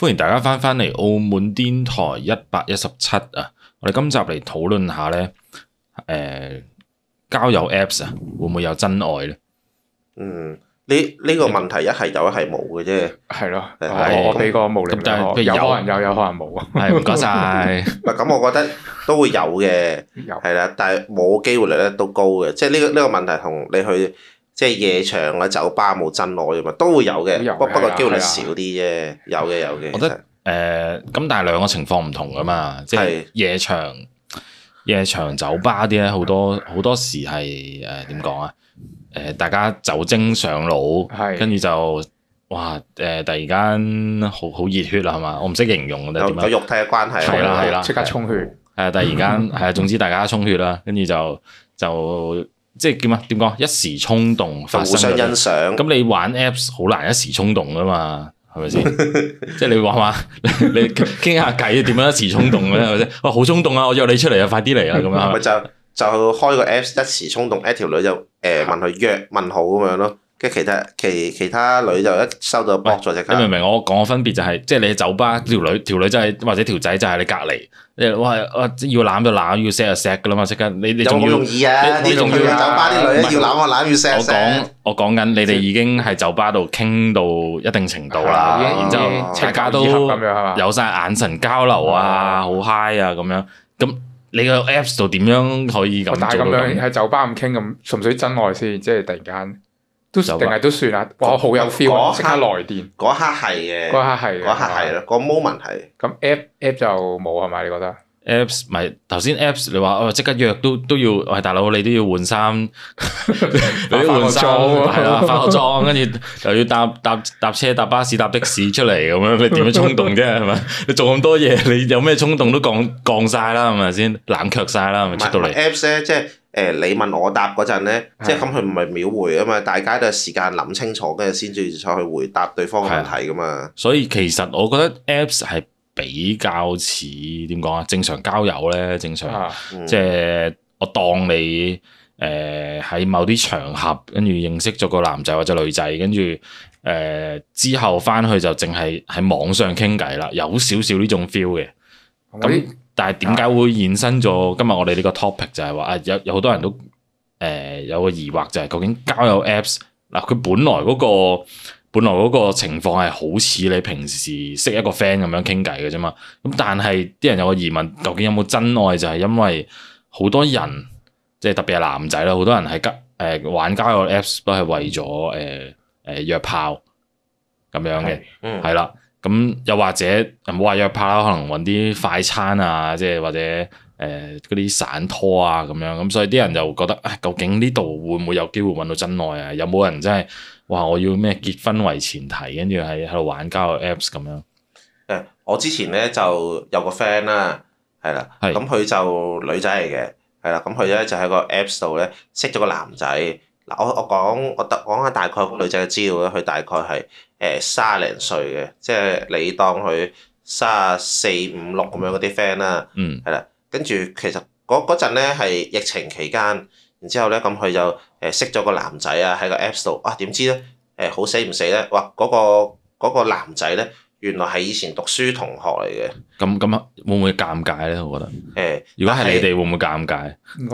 歡迎大家翻翻嚟澳門癲台一百一十七啊！我哋今集嚟討論下咧，誒、呃，交友 Apps 會唔會有真愛咧？嗯，呢、這、呢個問題一係有一係冇嘅啫。係咯， 我呢個冇。咁就係有可能有，有可能冇。係唔該晒。咁， 我覺得都會有嘅， 有係啦。但係冇機會率咧都高嘅，即係呢個呢、這個問題同你去。即係夜場啊，酒吧冇真愛啊嘛，都會有嘅，不過機會少啲啫。有嘅有嘅。我覺得誒咁，但係兩個情況唔同㗎嘛。即係夜場、夜場酒吧啲咧，好多好多時係誒點講啊？誒，大家酒精上腦，跟住就哇誒，突然間好好熱血喇，係嘛？我唔識形容嘅咧。點樣，個肉體嘅關係，係啦係啦，即刻充血。係啊，突然間係啊，總之大家充血啦，跟住就就。即係點啊？點講，一時衝動互相欣賞，咁你玩 apps 好難一時衝動噶嘛，係咪先？ 即係你玩唔玩？ 你傾下偈點樣一時衝動咧？係咪先？哇，好衝動啊！我約你出嚟啊，快啲嚟啊！咁樣，咪就就開個 apps 一時衝動， 一條女就誒、呃、問佢約問好咁樣咯。跟其他其其他女就一收到，波在只你明唔明我講嘅分別就係，即係你喺酒吧條女條女真係或者條仔就係你隔籬，你我要攬就攬，要錫就錫噶啦嘛，即刻你你仲要，有冇容易啊？你仲要酒吧啲女要攬就攬，要錫。我講我講緊，你哋已經喺酒吧度傾到一定程度啦，然之後大家都有晒眼神交流啊，好 high 啊咁樣。咁你個 apps 度點樣可以咁？但係咁樣喺酒吧咁傾咁，純粹真愛先，即係突然間。都定係都算啦，哇好有 feel 啊！即刻來電，嗰刻係嘅，嗰刻係，嗰刻係咯，個 moment 係。咁 app app 就冇係咪？你覺得？Apps 咪頭先 Apps，你話哦即刻約都都要，喂大佬你都要換衫，你都換裝係啊，化好妝，跟住又要搭搭搭車搭巴士搭的士出嚟咁樣，你點樣衝動啫係咪？你做咁多嘢，你有咩衝動都降降曬啦係咪先？冷卻曬啦，出到嚟。Apps 咧即係。誒、欸、你問我答嗰陣咧，即係咁佢唔係秒回啊嘛，的大家都係時間諗清楚，跟住先至再去回答對方問題㗎嘛。所以其實我覺得 Apps 係比較似點講啊，正常交友咧，正常、啊嗯、即係我當你誒喺某啲場合，跟住認識咗個男仔或者女仔，跟住誒之後返去就淨係喺網上傾偈啦，有少少呢種 feel 嘅。咁但係點解會衍生咗今日我哋呢個 topic，就係話啊，有有好多人都誒有個疑惑，就係究竟交友 Apps 嗱，佢本來嗰、個本來嗰個情況係好似你平時識一個 friend 咁樣傾偈嘅啫嘛。咁但係啲人有個疑問，究竟有冇真愛？就係因為好多人即係特別係男仔啦，好多人係加、呃、玩交友 Apps 都係為咗誒誒約炮咁樣嘅，係啦、嗯。咁又或者又冇話約炮啦，可能揾啲快餐啊，即係或者誒嗰啲散拖啊咁樣，咁所以啲人就覺得，哎，究竟呢度會唔會有機會揾到真愛啊？有冇人真係話我要咩結婚為前提，跟住喺喺度玩交友 Apps 咁樣？我之前呢就有個 friend 啦，係啦，咁佢是的 就女仔嚟嘅，係啦，咁佢呢就喺個 Apps 度呢識咗個男仔。嗱，我我講，我特講下大概個女仔嘅資料啦。佢大概係誒三廿零歲嘅，即係你當佢三廿四五六咁樣嗰啲 friend 啦。嗯。係啦，跟住其實嗰嗰陣咧係疫情期間，然之後咧咁佢就誒識咗個男仔啊喺個 Apps 度，哇點知咧誒好死唔死咧？哇嗰個嗰個男仔咧，原來係以前讀書同學嚟嘅。咁咁啊，會唔會尷尬咧？我覺得誒，如果係你哋會唔會尷尬？應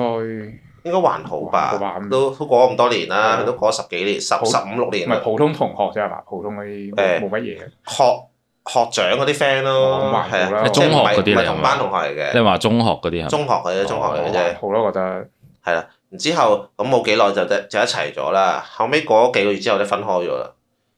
該。應該還好吧，都都過咗咁多年啦，都過咗十幾年，十十五六年。唔係普通同學啫嘛，普通嗰啲冇乜嘢。學學長嗰啲 friend 咯，係啊，中學嗰啲係唔係唔係同班同學嚟嘅？即你話中學嗰啲係？中學嘅啫，中學嘅啫。我都覺得係啦。之後咁冇幾耐就就一齊咗啦。後尾過咗幾個月之後咧，分開咗啦。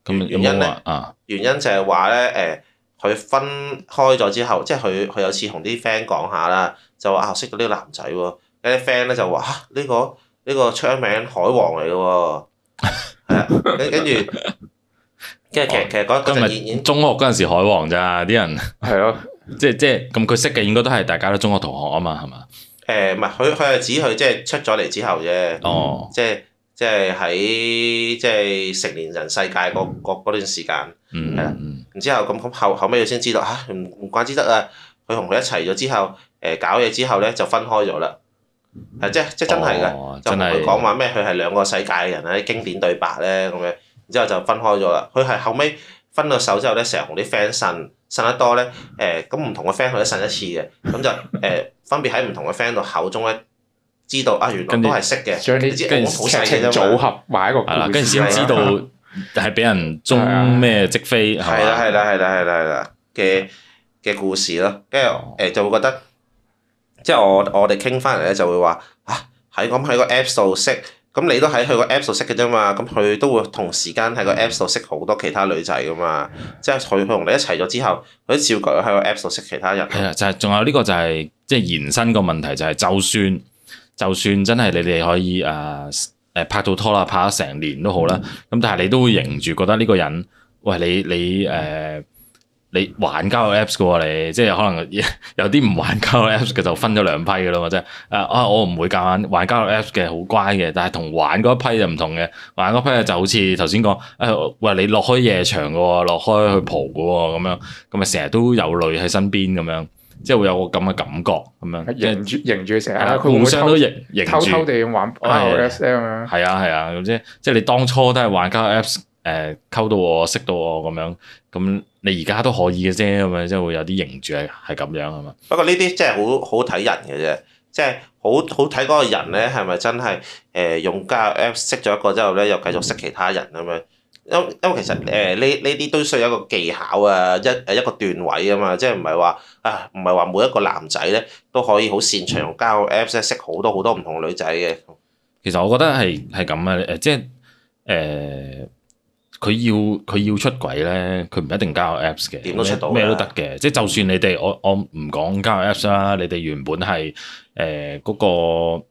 咁原因咧？啊，原因就係話咧，誒，佢分開咗之後，即係佢佢有次同啲 friend 講下啦，就話啊，識到呢個男仔喎。啲 friend 咧就話，嚇，呢個呢、呢個出名海王嚟嘅喎，係啊， 跟跟住跟住，其實、哦、其實嗰嗰演演中學嗰陣時海王咋啲人係咯，嗯，即係即係咁佢識嘅應該都係大家都中學同學啊嘛，係嘛？誒唔係佢佢係指佢即係出咗嚟之後啫，哦，即係即係喺即係成年人世界嗰，嗯、段時間，嗯，係啦，然、嗯、之後咁咁後後尾佢先知道嚇，唔唔怪之得啊！佢同佢一齊咗之後，誒搞嘢之後咧就分開咗啦。係即係即係真係嘅，就唔會講話咩佢係兩個世界嘅人咧，啲經典對白咧咁樣，然之後就分開咗啦。佢係後尾分咗手之後咧，成日同啲 friend 呻，呻得多咧，誒咁唔同嘅 friend 佢都呻一次嘅，咁就誒分別喺唔同嘅 friend 度口中咧知道啊，原來都係識嘅，跟住好細組合埋一個，跟住先知道係俾人中咩即飛係嘛？係啦係啦係啦係啦嘅嘅故事咯，跟住誒就會覺得。即係我我哋傾翻嚟咧就會話，啊喺咁喺個 Apps 度識，咁你都喺佢個 Apps 度識嘅啫嘛，咁佢都會同時間喺個 Apps 度識好多其他女仔噶嘛，嗯、即係佢佢同你一齊咗之後，佢都照繼續喺個 Apps 度識其他人。係啊、就係，就係仲有呢個就係即係延伸個問題就係、係，就算就算真係你哋可以誒誒、啊、拍到拖啦，拍咗成年都好啦，咁、嗯、但係你都會認住覺得呢個人，喂，你你誒。啊你玩交友 Apps 嘅喎、啊、你即係可能有啲唔玩交友 Apps 嘅就分咗兩批嘅咯，即係啊，我唔會夾硬玩交友 Apps 嘅，好乖嘅，但係同玩嗰一批就唔同嘅、哎，玩嗰批就好似頭先講，誒、呃哎呃、喂，你落開夜場嘅喎，落開去蒲嘅喎，咁樣咁咪成日都有女喺身邊咁樣，即係、ouais，會有個咁嘅感覺咁樣，住住成日，佢互相都偷偷地咁玩交友 Apps 咁樣，係啊係啊，即係即係你當初都係玩交友 Apps，誒溝到我識到我咁樣咁。你而家都可以嘅啫，咁樣即係會有啲形象係咁樣啊嘛。不過呢啲即係好好睇人嘅啫，即係好好睇嗰個人咧，係咪真係誒、呃、用交友 App 識咗一個之後咧，又繼續識其他人咁樣？因為因為其實誒呢呢啲都需要一個技巧啊，一誒一個段位啊嘛，即係唔係話啊唔係話每一個男仔咧都可以好擅長用交友 App 咧識好多好多唔同女仔嘅。其實我覺得係係咁啊，誒、呃、即係誒。呃佢要佢要出軌咧，佢唔一定交友 Apps 嘅，點都出到，咩都得嘅。即係就算你哋我我唔講交友 Apps 啦，你哋原本係誒嗰個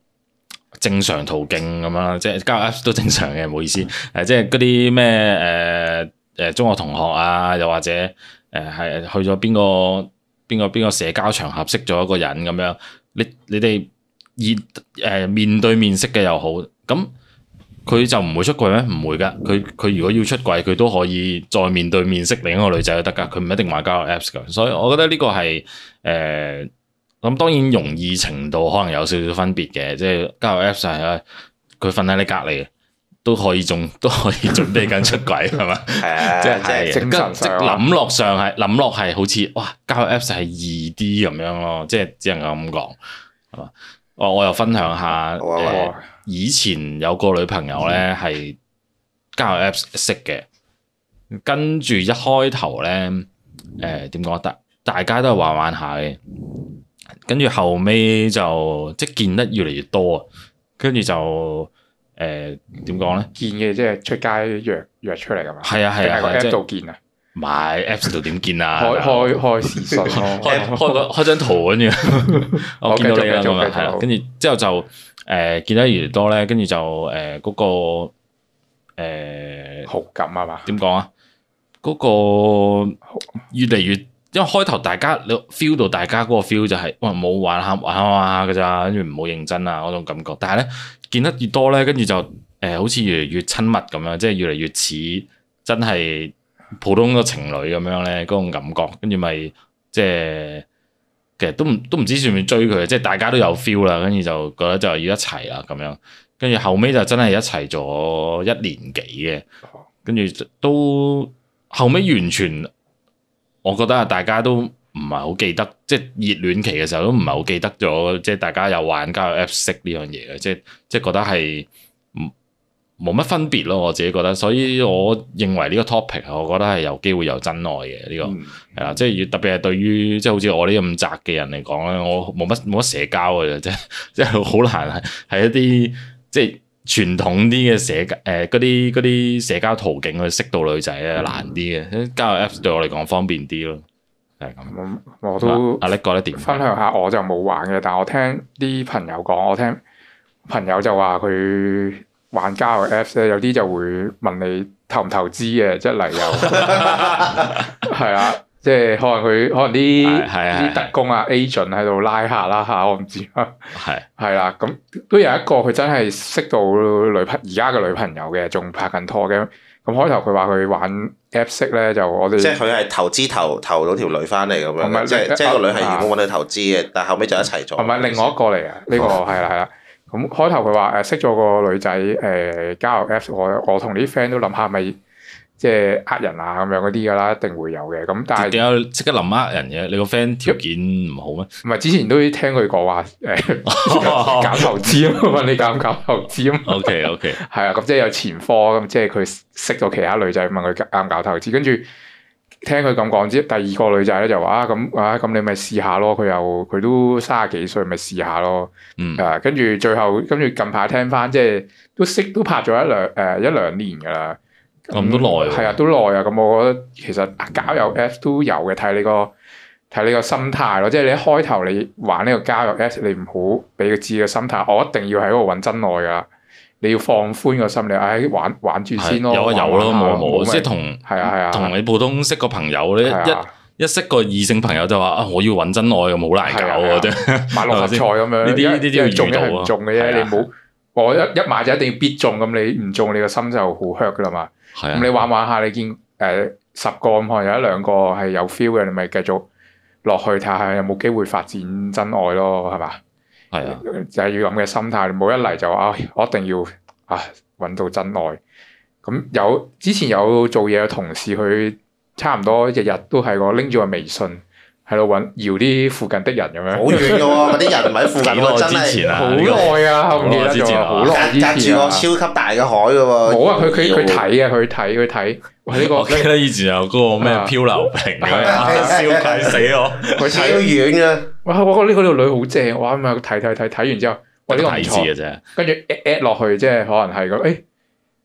正常途徑咁啦，即係交友 Apps 都正常嘅，唔好意思。誒、 啊，即係嗰啲咩誒誒中學同學啊，又或者誒係、呃、去咗邊個邊個邊個社交場合識咗一個人咁樣，你你哋熱誒面對面識嘅又好，咁。佢就唔會出軌咩？唔會噶，佢佢如果要出軌，佢都可以再面對面識另一個女仔就得噶，佢唔一定話交友 Apps 噶。所以，我覺得呢個係誒咁當然容易程度可能有少少分別嘅，即係交友 Apps 係啊，佢瞓喺你隔離都可以仲都可以準備緊出軌係嘛？係啊，即係即係即諗落上係諗落係好似哇交友 Apps 係易啲咁樣咯，即係只能夠咁講係嘛？哦，我又分享下誒。以前有個女朋友咧，係交友 Apps 識嘅，跟住一開頭咧，誒點講得，大家都係玩玩下嘅，跟住後尾就即係見得越嚟越多啊，跟住就誒點講咧，見嘅即係出街約約出嚟咁樣，係啊係啊，喺度見啊，買 Apps 度點見啊，開開開視訊，開開個開張圖咁樣，我見到你啦嘛，係啦，跟住之後就。誒、呃、見得越嚟越多咧，跟住就誒嗰、呃嗰個、呃、好感啊嘛？點講啊？嗰、嗰個越嚟越，因為開頭大家你 feel 到大家嗰個 feel 就係、是，哇、呃、冇玩下玩下㗎咋，跟住唔好認真啊嗰種感覺。但係咧見得越多咧，跟住就誒、呃、好似越嚟越親密咁樣，即係越嚟越似真係普通嘅情侶咁樣咧嗰種感覺，跟住咪即係。其實都唔都唔知算唔算追佢，即係大家都有 feel 啦，跟住就覺得就要一齊啦咁樣，跟住後尾就真係一齊咗一年幾嘅，跟住都後尾完全，我覺得啊大家都唔係好記得，即係熱戀期嘅時候都唔係好記得咗，即係大家有玩家有 Apps 識呢樣嘢嘅，即係即係覺得係，冇乜分別咯，我自己覺得，所以我認為呢個 topic，我覺得係有機會有真愛嘅呢、呢個，係啦、嗯，就是， 即係特別係對於即係好似我呢咁宅嘅人嚟講咧，我冇乜冇乜社交嘅啫，即係好難係一啲即係傳統啲嘅社交誒嗰啲啲社交途徑去識到女仔啊，嗯、難啲嘅交友 Apps 對我嚟講方便啲咯，係、就、咁、是。我都阿叻覺得點？分享下我就冇玩嘅，但我聽啲朋友講，我聽朋友就話佢。玩家個 Apps 咧，有啲就會問你投唔投資嘅，即係嚟又係啊！ 即係可能佢可能啲啲特工啊、Agent 喺度拉客啦嚇，我唔知係係啦。咁 都有一個佢真係識到女朋而家嘅女朋友嘅仲拍緊拖嘅。咁開頭佢話佢玩 Apps 咧，就我哋，即係佢係投資投投到條女翻嚟咁樣，即係即係個女係原本揾你投資嘅，但後尾就一齊做。係咪另外一個嚟啊？呢、就是、個係啦，係啦。咁開頭佢話誒識咗個女仔誒、呃、交友 Apps，我我同啲 friend 都諗下咪即係呃人啊咁樣嗰啲噶啦，一定會有嘅。咁但係點解即刻諗呃人嘅、啊？你個 friend 條件唔好咩？唔係之前都聽佢講話誒搞投資啊嘛， 你搞唔搞投資啊？OK OK，係啊， 咁、嗯、即係有前科咁，即係佢識咗其他女仔問佢搞唔搞投資，跟住。聽佢咁講之，第二個女仔咧就話啊咁啊咁、啊、你咪試下咯，佢又佢都卅幾歲，咪試下咯。嗯，跟住、啊、最後跟住近排聽翻，即係都識都拍咗一兩誒、呃、一兩年噶啦。咁、嗯、都耐。係啊，都耐啊。咁我覺得其實交友 Apps 都有嘅，睇你個睇你個心態咯。即係你一開頭你玩呢個交友 Apps，你唔好俾佢知個心態，我一定要喺度搵真愛噶。你要放寬個心理，哎，玩玩住先咯。有啊有咯，冇啊冇。即係同係啊係啊，同你普通識個朋友咧，一一識個異性朋友就話啊，我要揾真愛又冇好難搞啊，即係買六合彩咁樣。呢啲呢啲都要遇到啊，中嘅啫。你冇我一一買就一定要必中咁，你唔中你個心就好 hurt 噶啦嘛。咁你玩玩下，你見誒十個咁可能有一兩個係有 feel 嘅，你咪繼續落去睇下有冇機會發展真愛咯，係嘛？係啊，就係要噉嘅心態，冇一嚟就啊，我一定要啊揾到真愛。咁有之前有做嘢嘅同事，佢差唔多日日都係我拎住個微信。喺度揾搖啲附近的人咁樣。好遠噶喎，嗰啲人唔喺附近之前係好耐啊！耐。隔住個超級大嘅海噶喎。冇啊，佢佢佢睇啊，佢睇佢睇。我記得以前有嗰個咩漂流瓶。笑死我！佢睇到遠啊。哇，我覺得呢個女好正，哇咪睇睇睇睇完之後。我呢個唔錯嘅啫。跟住 at at 落去，即係可能係咁。誒，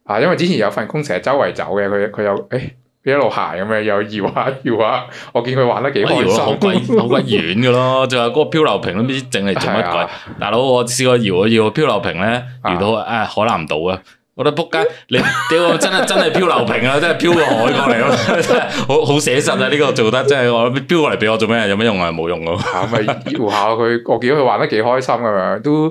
啊，因為之前有份工，成日周圍走嘅，佢佢有誒。一路行咁樣又搖下搖下，我見佢玩得幾開心。好鬼好鬼遠噶咯，仲有嗰個漂流瓶都唔知整嚟做乜鬼。啊、大佬我試過搖，我搖個漂流瓶咧，遇到誒海南島啊，我覺得仆街，你屌真係真係漂流瓶啊， 真係漂個海過嚟咯，真係好好寫實啊！呢、這個做得真係我漂過嚟俾我做咩？有咩用啊？冇用咯、啊。吓咪搖下佢，我見佢玩得幾開心咁樣都。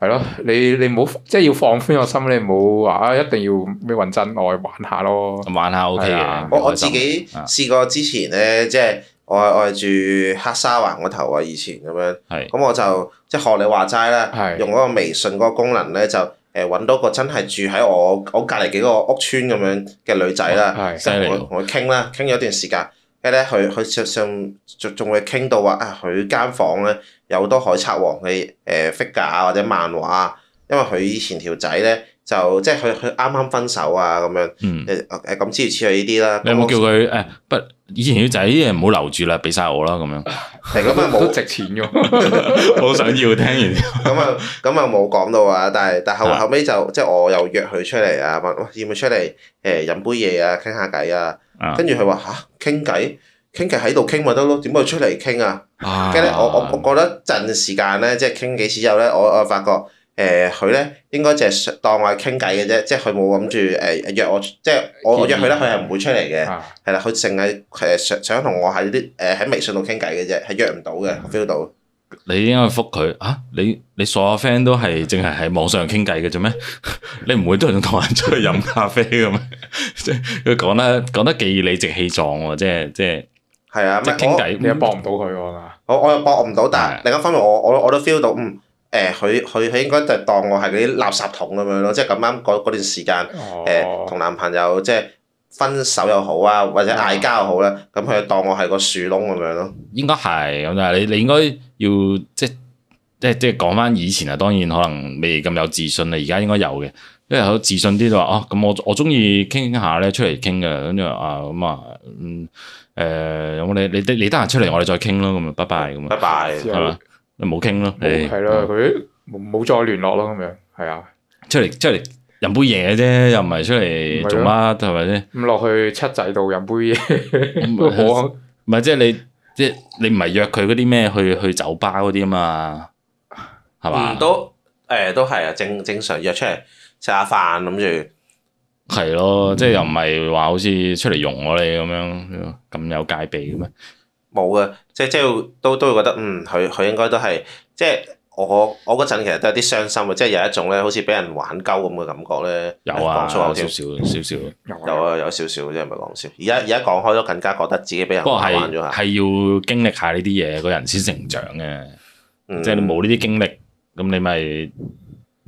係咯，你你唔好，即係要放寬個心，你唔好話啊一定要咩搵真愛玩下咯，玩下 O K 嘅。的我我自己試過之前咧，即係我我住黑沙環個頭啊，以前咁樣。係。咁我就即係學你話齋啦，是的 用嗰個微信嗰個功能咧，就誒搵到個真係住喺我我隔籬幾個屋村咁樣嘅女仔啦，我我傾啦，傾咗的害一段時間。咧佢佢上上仲仲會傾到話啊，佢間房咧，有好多海賊王嘅誒、呃、figure 啊或者漫畫啊，因為佢以前條仔咧。就即係佢佢啱啱分手啊咁樣，誒誒咁之類之類呢啲啦。你有冇叫佢誒不以前啲仔啲嘢唔好留住啦，俾晒我啦咁樣。係咁啊冇值錢㗎，好想要聽完。咁啊咁啊冇講到啊，但係但後後尾就即係我又約佢出嚟啊，要唔要出嚟誒飲杯嘢啊，傾下偈啊。跟住佢話嚇傾偈傾偈喺度傾咪得咯，點解出嚟傾啊？跟住我我我過一陣時間咧，即係傾幾次之後咧，我我發覺。誒佢咧應該就係當我係傾偈嘅啫，即係佢冇諗住誒約我，即係我我約佢咧，佢係唔會出嚟嘅，係啦、啊，佢淨係誒想想同我喺啲誒喺微信度傾偈嘅啫，係約唔到嘅，feel 到。你應該覆佢啊！你你所有 friend 都係淨係喺網上傾偈嘅啫咩？ 你唔會都係同人出去飲咖啡咁。咩？ 即係佢講得講得幾理直氣壯喎！即係即係。係啊，即係傾偈，我我你又幫唔到佢㗎，我我又幫唔到，但係另一方面，我我我都 feel 到嗯。誒，佢佢佢應該就當我係嗰啲垃圾桶咁樣咯，即係咁啱嗰段時間，誒、欸、同男朋友即係分手又好啊，或者嗌交又好啦。咁佢當我係個樹窿咁樣咯。應該係咁，但係你你應該要即係即係講返以前啊，當然可能未咁有自信啦，而家應該有嘅，因為好自信啲就話哦，咁、啊、我我中意傾下咧，出嚟傾㗎，跟住話啊咁啊，嗯誒，咁、呃、我你你你得閒出嚟，我哋再傾咯，咁啊拜拜。咁啊，拜拜，係嘛？拜拜吧冇傾咯，係咯沒，佢冇、哎、再聯絡咯，咁樣，係啊，出嚟出嚟飲杯嘢啫，又唔係出嚟做乜，係咪先？咁落吧去七仔度飲杯嘢，好唔係即係你即係你唔係約佢嗰啲咩去去酒吧嗰啲啊嘛，係嘛、嗯吧嗯？都誒都係啊，正正常約出嚟食下飯，諗住係咯，即係、就是嗯、又唔係話好似出嚟容我哋咁樣咁有戒備嘅咩？冇嘅，即係即係都都會覺得，嗯，佢佢應該都係，即係我我嗰陣其實都有啲傷心嘅，即係有一種咧，好似俾人玩鳩咁嘅感覺咧。有啊，講粗口少少少少。有啊，有少少啫，唔係講笑。而家而家講開都更加覺得自己俾人玩咗下。不過係要經歷下呢啲嘢，個人先成長嘅。即係你冇呢啲經歷，咁你咪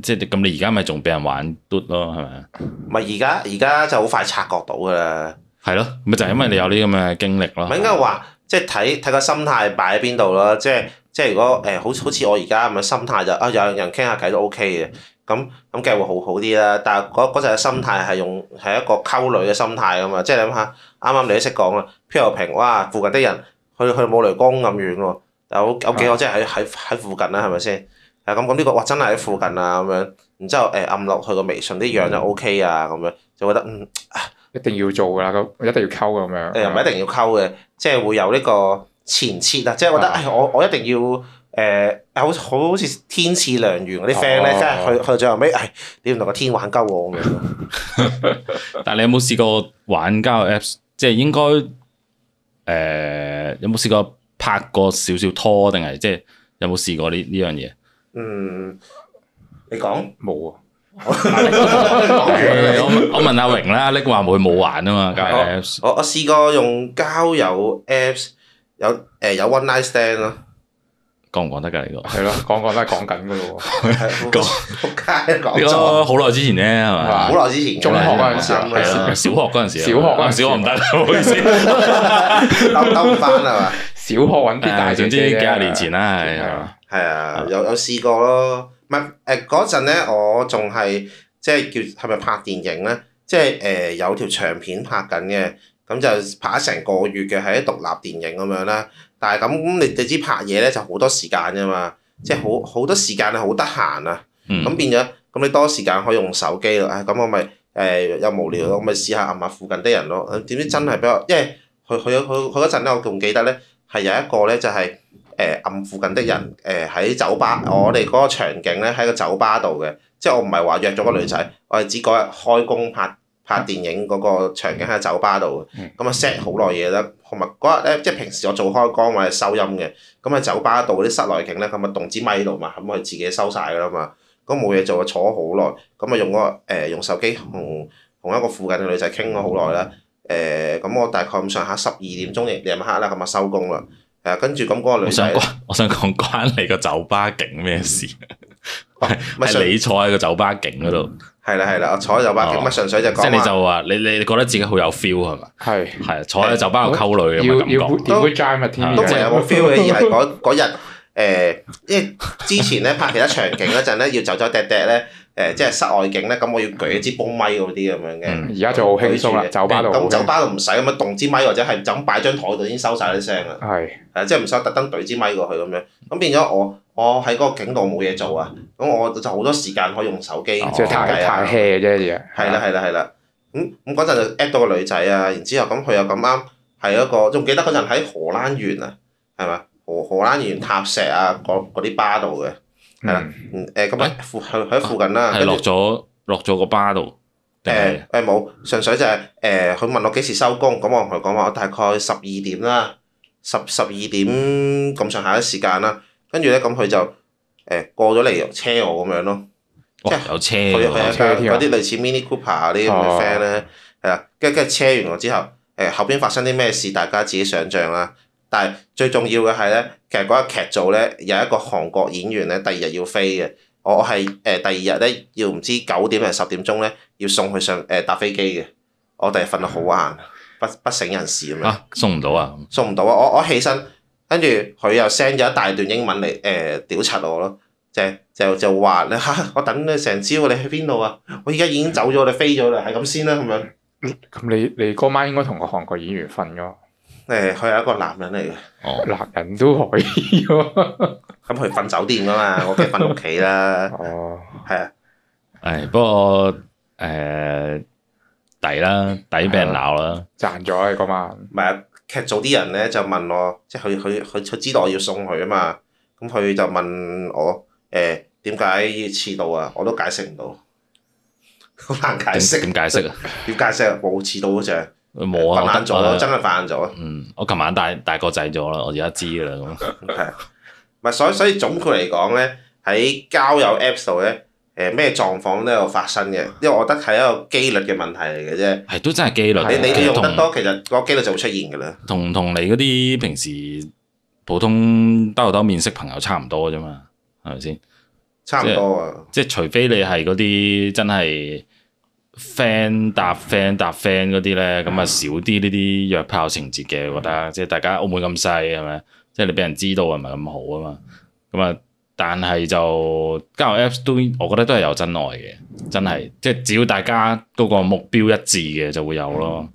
即係咁你而家咪仲俾人玩嘟咯，係咪？唔係而家而家就好快察覺到噶啦。係咯，咪就係因為你有呢咁嘅經歷咯。唔應該話。即係睇睇個心態擺喺邊度咯，即係即係如果誒、欸、好好似我而家咁嘅心態就是、啊有人傾下偈都 OK 嘅，咁咁梗係會好好啲啦。但係嗰嗰陣嘅心態係用係一個溝女嘅心態咁啊，即係你諗下啱啱你都識講啊，漂流瓶哇附近啲人去去冇雷公咁遠喎，有有幾個即係喺喺喺附近啦係咪先？係咁咁呢個哇真係喺附近啊咁樣，然之後誒按落去個微信啲樣就 OK 啊咁樣，就覺得嗯、啊、一定要做㗎啦，咁一定要溝㗎咁樣。又唔係一定要溝嘅。啊 即係會有呢個前設啊！即係覺得，啊、哎，我我一定要誒、呃，好好好似天賜良緣嗰啲 friend 咧，哦哦哦即係去去到最後尾，唉、哎，你要同個天玩交換。但係你有冇試過玩交友 Apps？即係應該誒、呃，有冇試過拍過少少拖定係即係有冇試過呢呢樣嘢？嗯，你講冇、嗯、啊？講完，我我問阿榮啦，你話唔會冇玩啊嘛梗係 Apps？我我試過用交友 Apps 有誒有 One Night Stand 咯，講唔講得㗎？呢個係咯，講講都係講緊㗎咯喎，撲街講錯。呢個好耐之前咧，係嘛？好耐之前，中學嗰陣時啦，小學嗰陣時，小學嗰陣時我唔得，唔好意思，翻係嘛？小學揾啲大，總之幾廿年前啦，係啊，係啊，有有試過咯。唔係，誒嗰陣咧，我仲係即係叫係咪拍電影咧？即係誒、呃、有條長片拍緊嘅，咁就拍咗成個月嘅，係一獨立電影咁樣啦。但係咁，你哋知拍嘢咧就多好，好多時間㗎嘛？即係好好多時間好得閒啊。咁、嗯、變咗，咁你多時間可以用手機咯。誒、哎、咁我咪誒又無聊咯，我咪試下暗下附近啲人咯。點知真係畀我，因為佢佢佢佢嗰陣咧，我仲記得咧係有一個咧就係、是。誒暗、呃、附近的人，誒、呃、喺酒吧，我哋嗰個，個場景咧喺個酒吧度嘅，即係我唔係話約咗個女仔，我係指嗰日開工拍拍電影嗰個場景喺酒吧度嘅，咁啊 set 好耐嘢啦，同埋嗰日咧即係平時我做開光或者收音嘅，咁啊酒吧度啲室內景咧咁啊動支咪度嘛，咁我係自己收晒噶啦嘛，咁冇嘢做坐好耐，咁啊用嗰個、呃、用手機同同一個附近嘅女仔傾咗好耐啦，誒咁我大概咁上下十二點鐘亦夜晚黑啦，咁啊收工啦。係啊，跟住咁嗰個女仔，我想講，我想講關你個酒吧景咩事？係你坐喺個酒吧景嗰度。係啦係啦，我坐喺酒吧景，乜純粹就講，即係你就話，你你覺得自己好有 feel 係嘛？係係，坐喺酒吧度溝女嘅感覺，都都 jam 啊，都係有 feel 嘅。而係嗰日，誒，因為之前咧拍其他場景嗰陣咧，要走走趯趯咧。誒即係室外景咧，咁我要舉一支煲咪嗰啲咁樣嘅。而家就好輕鬆啦，酒吧度。咁酒吧度唔使咁樣動支咪，或者係就咁擺張台度已經收晒啲聲啦。係。係，即係唔使特登舉支咪過去咁樣。咁變咗我我喺嗰個景度冇嘢做啊，咁我就好多時間可以用手機，哦。即係太 hea 嘅啫，而家。係啦係啦係啦，咁咁嗰陣就 at 到個女仔啊，然之後咁佢又咁啱係一個仲記得嗰陣喺荷蘭園啊，係咪？荷荷蘭園塔石啊嗰啲巴度嘅。係啦，誒咁啊，附喺喺附近啦，係落咗落咗個巴度，誒誒冇，純、欸欸、粹就係誒佢問我幾時收工，咁我同佢講話我大概十二點啦，十十二點咁上下嘅時間啦，跟住咧咁佢就誒、呃、過咗嚟車我咁樣咯，即係、哦樣哦、有車，嗰啲類似 Mini Cooper 啲咁嘅 friend 咧，係啦，跟住跟住車完我之後，誒後邊發生啲咩事，大家自己想象啦。但係最重要嘅係咧，其實嗰個劇組咧有一個韓國演員咧，第二日要飛嘅，我係誒、呃、第二日咧要唔知九點定十點鐘咧要送佢上誒、呃、搭飛機嘅，我哋二瞓得好晏，不不省人事咁樣、啊。送唔到啊？送唔到啊！我我起身跟住佢又 send 咗一大段英文嚟誒屌柒我咯，就就就話你嚇我等你成朝你去邊度啊？我而家已經走咗，你飛咗啦，係咁先啦咁樣。咁你你嗰晚應該同個韓國演員瞓咗。誒，佢係、哎、一個男人嚟嘅，男、哦、人都可以。咁佢瞓酒店㗎嘛，我梗係瞓屋企啦。哦，係啊。誒，不過誒抵、呃、啦，抵俾人鬧啦，賺咗啊嗰晚。唔係劇組啲人咧就問我，即係佢佢佢知道我要送佢啊嘛。咁佢就問我，誒點解遲到啊？我都解釋唔到，好 難解釋釋。點解釋啊？要解釋啊，冇遲到嗰場。冇啊！犯咗，真係犯咗。嗯，我琴晚大大個仔咗啦，我而家知啦咁。係啊，係，所以所以總括嚟講咧，喺交友 Apps 度咧，誒咩狀況都有發生嘅。因為我覺得係一個機率嘅問題嚟嘅啫。係都真係機率，你你用得多，其實個機率就會出現噶啦。同同你嗰啲平時普通兜下兜面識朋友差唔多啫嘛，係咪先？差唔多啊。即係除非你係嗰啲真係。friend 搭 friend 搭 friend 嗰啲咧，咁啊少啲呢啲約炮情節嘅，我覺得即係大家澳門咁細，係咪？即係你俾人知道係咪咁好啊嘛？咁啊，但係就交友 app 都，我覺得都係有真愛嘅，真係即係只要大家嗰個目標一致嘅就會有咯。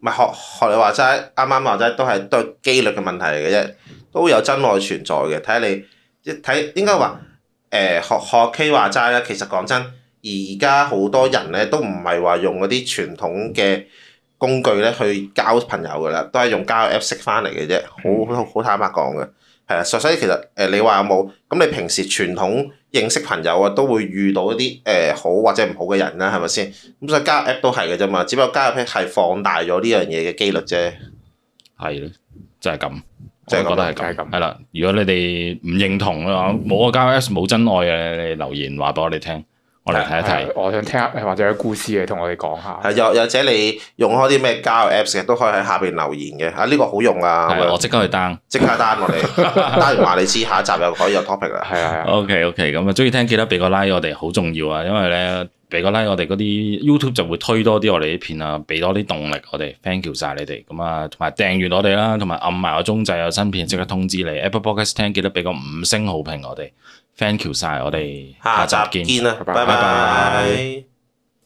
唔係學學你話齋，啱啱話齋都係都機率嘅問題嚟嘅啫，都有真愛存在嘅，睇下你即睇應該話誒學學 K 話齋咧，其實講真。而家好多人咧都唔係話用嗰啲傳統嘅工具咧去交朋友噶啦，都係用交友 App 識翻嚟嘅啫，好好坦白講嘅。係啊，所以其實誒、呃、你話有冇？咁你平時傳統認識朋友啊，都會遇到一啲誒、呃、好或者唔好嘅人啦，係咪先？咁所以交友 App 都係嘅啫嘛，只不過交友 App 係放大咗呢樣嘢嘅機率啫。係咯，真就係咁，我覺得係咁。係啦，如果你哋唔認同啊，冇個、嗯、交友 App 冇真愛嘅，你留言話俾我哋聽。我嚟睇一睇，我想聽下或者有故事嘅同我哋講下。係有，或者你用開啲咩交友 apps，都可以喺下邊留言嘅。啊，呢、這個好用啊！係的我即刻去 down，即刻 down 我哋 down 完話你知，下一集又可以有 topic 啦。係啊。O K O K，咁啊，中意、okay, okay, 嗯、聽記得俾個 like，我哋好重要啊。因為咧，俾個 like 我哋嗰啲 YouTube 就會推多啲我哋啲片啊，俾多啲動力我哋。Thank you 晒你哋，咁啊，同埋訂閱我哋啦，同埋按埋個鐘制有新片即刻通知你。Apple Podcast 聽記得俾個五星好評我哋。Thank you 晒，我哋下集見。拜拜。